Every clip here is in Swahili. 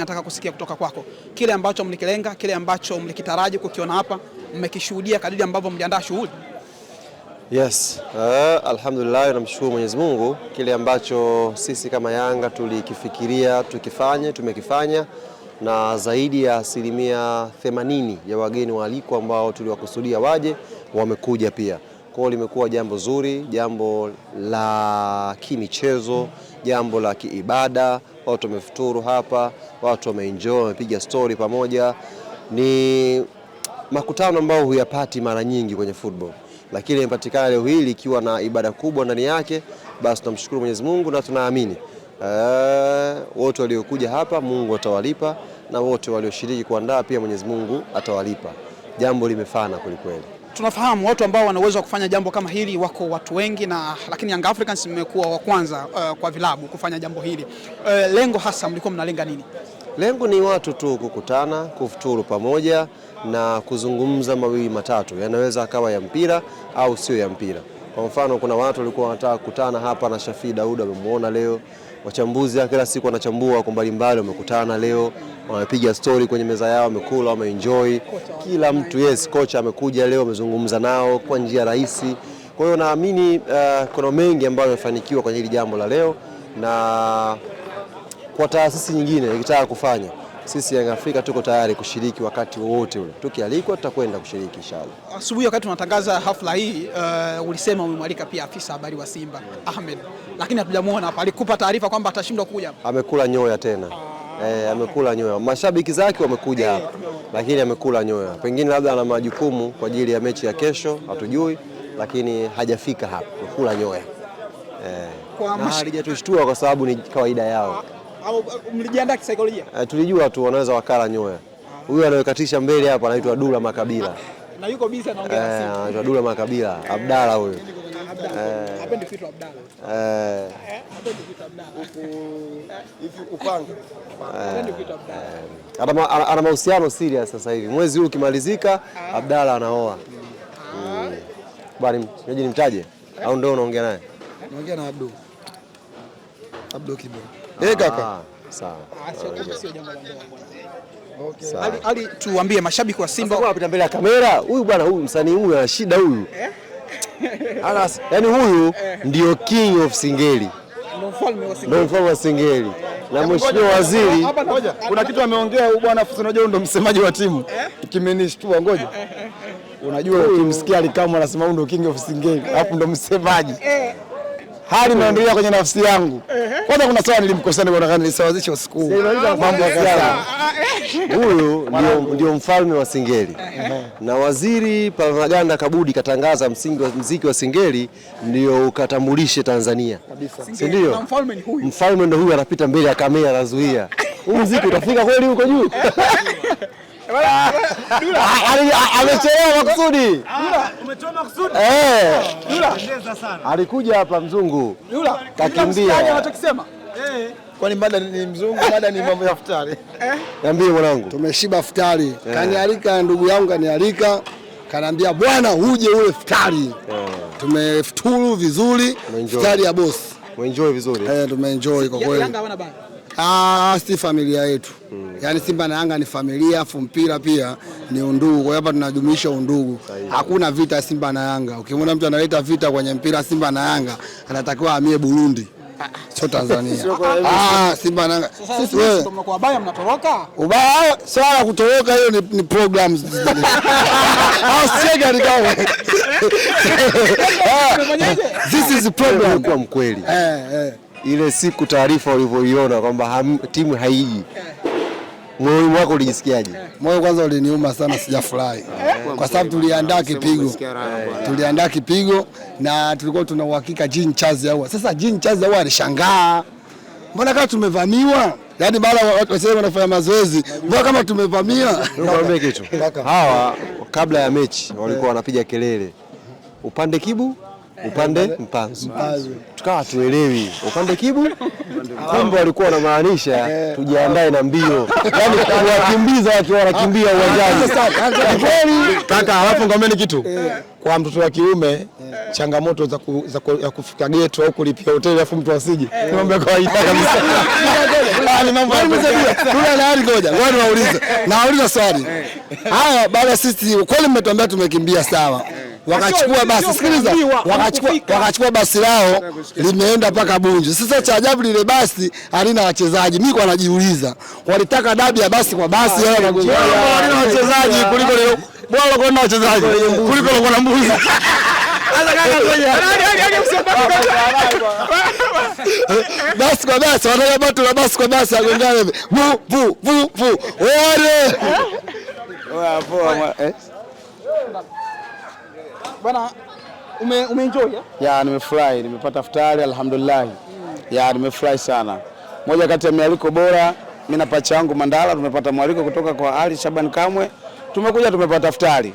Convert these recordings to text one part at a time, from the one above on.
nataka kusikia kutoka kwako kile ambacho mlikilenga, kile ambacho mlikitaraji kukiona hapa, mmekishuhudia kadiri ambavyo mliandaa shughuli. Yes, uh, alhamdulillah, namshukuru Mwenyezi Mungu, kile ambacho sisi kama Yanga tulikifikiria tukifanye tumekifanya, na zaidi ya asilimia themanini ya wageni waalikwa ambao tuliwakusudia waje wamekuja pia. Kwa hiyo limekuwa jambo zuri, jambo la kimichezo, jambo la kiibada watu wamefuturu hapa, watu wameenjoy, wamepiga stori pamoja. Ni makutano ambayo huyapati mara nyingi kwenye football, lakini imepatikana leo hili ikiwa na ibada kubwa ndani yake. Basi tunamshukuru Mwenyezi Mungu na tunaamini eh, wote waliokuja hapa Mungu atawalipa na wote walioshiriki kuandaa pia Mwenyezi Mungu atawalipa. Jambo limefana kwelikweli tunafahamu watu ambao wanaweza wa kufanya jambo kama hili wako watu wengi na lakini Young Africans mmekuwa wa kwanza uh, kwa vilabu kufanya jambo hili. Uh, lengo hasa mlikuwa mnalenga nini? Lengo ni watu tu kukutana, kufuturu pamoja na kuzungumza mawili matatu, yanaweza akawa ya mpira au sio ya mpira. Kwa mfano, kuna watu walikuwa wanataka kukutana hapa na Shafii daudi wamemuona leo. Wachambuzi kila siku wanachambua wako mbalimbali, wamekutana leo, wamepiga story kwenye meza yao, wamekula, wameenjoy. Kila mtu yes, kocha amekuja leo, amezungumza nao kwa njia rahisi. Kwa hiyo naamini uh, kuna mengi ambayo yamefanikiwa kwenye hili jambo la leo, na kwa taasisi nyingine ikitaka kufanya sisi Yanga Afrika tuko tayari kushiriki wakati wowote ule, tukialikwa tutakwenda kushiriki inshallah. Asubuhi wakati tunatangaza hafla hii uh, ulisema umemwalika pia afisa habari wa Simba yeah. Ahmed, lakini hatujamuona hapa. Alikupa taarifa kwamba atashindwa kuja? Amekula nyoya tena ah. Eh, amekula nyoya. Mashabiki zake wamekuja eh. hapa yeah. Lakini amekula nyoya, pengine labda ana majukumu kwa ajili ya mechi ya kesho, hatujui, lakini hajafika hapa, amekula nyoya eh. Kwa halijatushtua kwa sababu ni kawaida yao ah. Mlijiandaa kisaikolojia? Uh, tulijua tu wanaweza wakala nyoya huyu anayekatisha mbele hapa anaitwa Dula Makabila na yuko busy anaongea na eh, simu. Anaitwa Dula Makabila, Abdala huyu. Yaani eh. Ana mahusiano serious sasa hivi. Mwezi huu ukimalizika, ah. Abdala anaoa. Ah. Hmm. Bali mtaje? Au ndio unaongea naye? Naongea na Abdu. Abdu Kibo eh kaka. Ah, sawa. Ah, ali, tuambie mashabiki wa Simba wanapita mbele ya kamera, huyu bwana, huyu msanii huyu ana shida huyu Alas, eh? yani huyu eh. ndio king of Singeli, ndio mfalme wa Singeli na mheshimiwa waziri, kuna kitu ameongea huyu bwana Fusi. Unajua ndio msemaji wa timu eh? kimenishtua, ngoja unajua, ukimsikia Alikamwe anasema huyu ndio king of Singeli, alafu ndo msemaji hali inaendelea kwenye nafsi yangu. Kwanza kuna swala nilimkosea, nimeona nisawazishe usiku mambo ya siasa. Ah, ah, eh. Huyu ndio mfalme wa singeli na waziri Palamagamba Kabudi katangaza msingi wa mziki wa singeli ndio ukatambulishe Tanzania, si ndio? Mfalme ndio huyu, anapita mbele ya kamera, anazuia huu mziki utafika kweli huko juu? Ah, ah, amechelewa makusudi, ah, eh. alikuja hapa mzungu kakimbia. Eh. Kwani mada ni mzungu, mada ni mambo ya futari. Eh? Niambie mwanangu, tumeshiba futari. Kanialika ndugu yangu, kanialika kanaambia bwana, uje ule futari. Tumefuturu vizuri, futari ya bosi Muenjoy vizuri. Eh, tumeenjoy kwa kweli. Yanga hawana bana. Ah, ah, si familia yetu. Hmm. Yaani Simba na Yanga ni familia, afu mpira pia ni undugu. Kwa hiyo hapa tunajumuisha undugu. Hakuna vita Simba na Yanga. Ukimwona mtu analeta vita kwenye mpira Simba na Yanga, anatakiwa amie Burundi sio Tanzania. Ah, Simba Yanga. Sisi wewe. Mnakuwa baya mnatoroka? Ubaya sawa swala kutoroka hiyo ni, ni programs. Au sio gari kama. Yaani ah, ah, this is a yaani program kwa mkweli. Eh, eh. Ile siku taarifa ulivyoiona kwamba timu haiji. Eh. Moyo wako ulijisikiaje? Moyo kwanza uliniuma sana, sijafurahi kwa sababu tuliandaa kipigo, tuliandaa kipigo na tulikuwa tuna uhakika Jean Charles Ahoua. Sasa Jean Charles Ahoua alishangaa, mbona kama tumevamiwa? Yaani bala wasema wanafanya mazoezi, mbona kama tumevamia? Hawa kabla ya mechi walikuwa wanapiga kelele upande kibu upande mpanzu, tukawa hatuelewi upande kibu. Kumbe walikuwa wanamaanisha eh. tujiandae na mbio, yani kuwakimbiza watu wanakimbia ah, uwanjani kaka. Alafu ngomeni kitu eh. kwa mtoto wa kiume, eh. changamoto za ku, za ku, ya kufika geto au kulipia hoteli alafu mtu asije, ni mambo ya kawaida kabisa. Ah, ni mambo ya kawaida. Ngoja niwaulize, nawauliza swali haya, baada sisi kweli mmetuambia tumekimbia, sawa wakachukua basi, sikiliza, wakachukua wakachukua basi lao limeenda mpaka Bunju. Sasa cha ajabu lile basi halina wachezaji. Mimi kwa najiuliza, walitaka dabi ya basi kwa basi, yeye anagonga halina wachezaji kuliko leo bora kwa na wachezaji kuliko leo mbuzi. Sasa kaka, ngoja ah, basi kwa basi wanaya watu na basi kwa basi agongane vu vu vu vu ole Bwana ume, umeenjoy eh? Ya, nimefurahi, nimepata futari alhamdulillah. Mm. Ya, nimefurahi sana. Moja kati ya mialiko bora, mimi na pacha wangu Mandala tumepata mwaliko kutoka kwa Ali Shaban Kamwe. Tumekuja tumepata futari.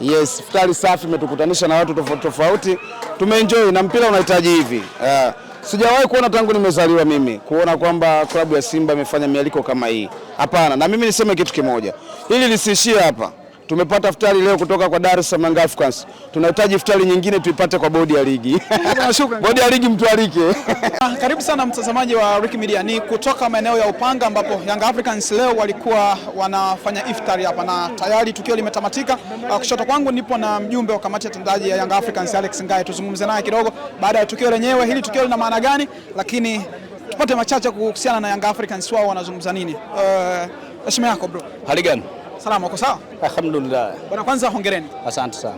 Yes, futari safi imetukutanisha na watu tofauti tofauti. Tumeenjoy na mpira unahitaji hivi. Uh, sijawahi kuona tangu nimezaliwa mimi kuona kwamba klabu ya Simba imefanya mialiko kama hii. Hapana, na mimi niseme kitu kimoja. Hili lisiishie hapa. Tumepata futari leo kutoka kwa Dar es Salaam Young Africans. Tunahitaji futari nyingine tuipate kwa bodi ya ligi. Bodi ya ligi mtualike. Ah, karibu sana mtazamaji wa Rick Media. Ni kutoka maeneo ya Upanga ambapo Young Africans leo walikuwa wanafanya iftari hapa na tayari tukio limetamatika. Ah, kushoto kwangu nipo na mjumbe wa kamati ya tendaji ya Young Africans Alex Ngaye, tuzungumze naye kidogo baada ya tukio lenyewe, hili tukio lina maana gani, lakini tupate machache kuhusiana na Young Africans, wao wanazungumza nini? Eh, heshima uh, yako bro. Hali gani? Salama, uko sawa? Alhamdulillah. Bwana, kwanza hongereni. Asante sana.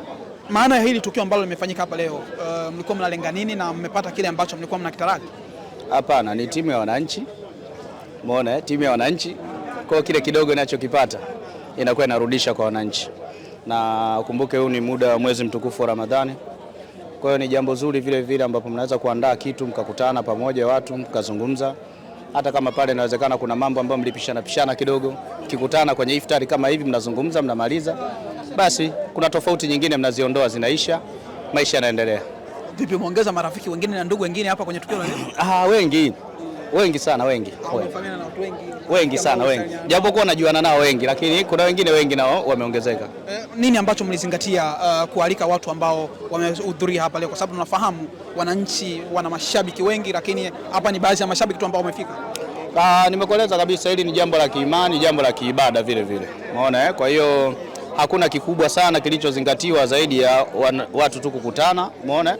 Maana ya hili tukio ambalo limefanyika hapa leo, uh, mlikuwa mnalenga nini na mmepata kile ambacho mlikuwa mnakitaraji? Hapana, ni timu ya wananchi. Umeona eh? Timu ya wananchi. Kwa hiyo kile kidogo inachokipata inakuwa inarudisha kwa wananchi, na ukumbuke huu ni muda wa mwezi mtukufu wa Ramadhani. Kwa hiyo ni jambo zuri vile vile ambapo mnaweza kuandaa kitu mkakutana pamoja watu mkazungumza hata kama pale inawezekana kuna mambo ambayo mlipishana pishana kidogo, kikutana kwenye iftari kama hivi, mnazungumza mnamaliza, basi kuna tofauti nyingine mnaziondoa, zinaisha, maisha yanaendelea. Vipi, muongeza marafiki wengine na ndugu wengine hapa kwenye tukio? Ah, wengi wengi sana wengi wengi, wengi sana wengi, japokuwa najuana nao wengi, lakini kuna wengine wengi nao wameongezeka. Eh, nini ambacho mlizingatia uh, kualika watu ambao wamehudhuria hapa leo? Kwa sababu tunafahamu wananchi wana mashabiki wengi, lakini hapa ni baadhi ya mashabiki tu ambao wamefika. Uh, nimekueleza kabisa hili ni jambo la kiimani, jambo la kiibada vile vile, umeona eh? Kwa hiyo hakuna kikubwa sana kilichozingatiwa zaidi ya watu tu kukutana, umeona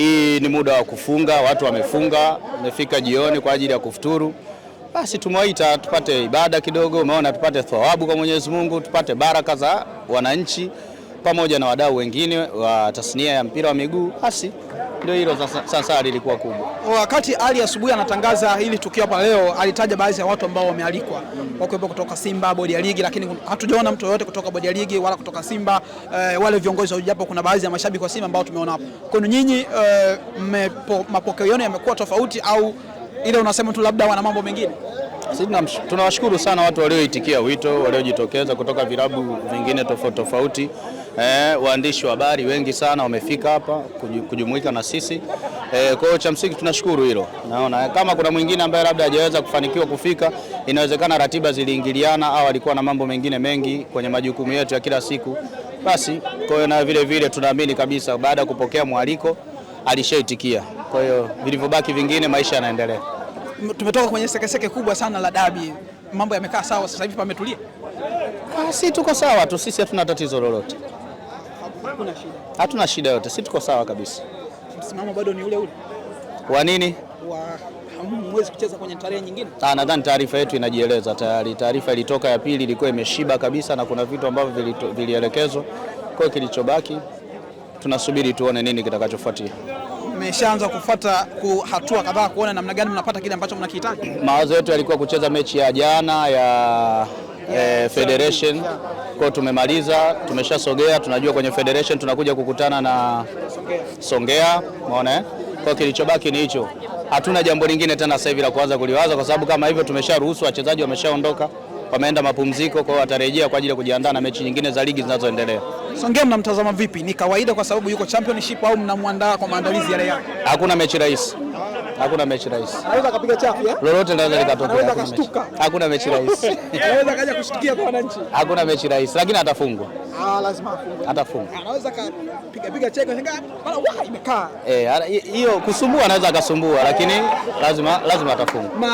hii ni muda wa kufunga, watu wamefunga, wamefika jioni kwa ajili ya kufuturu. Basi tumewaita tupate ibada kidogo, umeona, tupate thawabu kwa Mwenyezi Mungu, tupate baraka za wananchi pamoja na wadau wengine wa tasnia ya mpira wa miguu basi ndio hilo sasa lilikuwa kubwa. Wakati Ali asubuhi anatangaza hili tukio hapa leo, alitaja baadhi ya watu ambao wamealikwa wakiwepo kutoka Simba, bodi ya ligi, lakini hatujaona mtu yoyote kutoka bodi ya ligi wala kutoka Simba e, wale viongozi wa japo kuna baadhi ya mashabiki wa Simba ambao tumeona hapo. Kwani nyinyi e, mapokeo yenu yamekuwa tofauti au ile unasema tu labda wana mambo mengine? Sisi tunawashukuru sana watu walioitikia wito, waliojitokeza kutoka vilabu vingine tofauti tofauti eh, waandishi wa habari wengi sana wamefika hapa kujumuika na sisi eh, kwa hiyo cha msingi tunashukuru hilo. Naona kama kuna mwingine ambaye labda hajaweza kufanikiwa kufika, inawezekana ratiba ziliingiliana au alikuwa na mambo mengine mengi kwenye majukumu yetu ya kila siku, basi kwa hiyo na vile vile tunaamini kabisa baada ya kupokea mwaliko alishaitikia. Kwa hiyo vilivyobaki vingine, maisha yanaendelea. Tumetoka kwenye sekeseke kubwa sana la dabi, mambo yamekaa sawa sasa hivi, pametulia. Ah, si tuko sawa tu, sisi hatuna tatizo lolote shida? Hatuna shida yote, si tuko sawa kabisa. Msimamo bado ni ule ule. Kwa nini? Wa hamwezi kucheza kwenye tarehe nyingine? Ah, nadhani taarifa yetu inajieleza tayari. Taarifa ilitoka ya pili ilikuwa imeshiba kabisa na kuna vitu ambavyo vilielekezwa. Kwa hiyo kilichobaki tunasubiri tuone nini kitakachofuatia. Mmeshaanza kufuata hatua kadhaa kuona namna gani mnapata kile ambacho mnakihitaji? Mawazo yetu yalikuwa kucheza mechi ya jana ya eh, federation kwao. Tumemaliza, tumeshasogea, tunajua kwenye federation tunakuja kukutana na Songea, umeona eh? kwa Kilichobaki ni hicho, hatuna jambo lingine tena sasa hivi la kuanza kuliwaza, kwa sababu kama hivyo tumesharuhusu, wachezaji wameshaondoka, wameenda mapumziko, kwao watarejea kwa ajili ya kujiandaa na mechi nyingine za ligi zinazoendelea. Songea mnamtazama vipi? Ni kawaida kwa sababu yuko championship au mnamwandaa kwa maandalizi yale yake? Hakuna mechi rahisi Hakuna mechi rahisi. Anaweza kapiga chafu ya? Eh? Lolote ndaweza eh, likatokea. Anaweza kashtuka. Hakuna mechi rahisi. Anaweza kaja kushtukia kwa wananchi. Hakuna mechi rahisi, lakini atafungwa. Ah, lazima afungwe. Atafungwa. Anaweza ah, kapiga piga cheki shanga, bana wah imekaa. Eh, hiyo kusumbua anaweza akasumbua lakini lazima lazima atafungwa.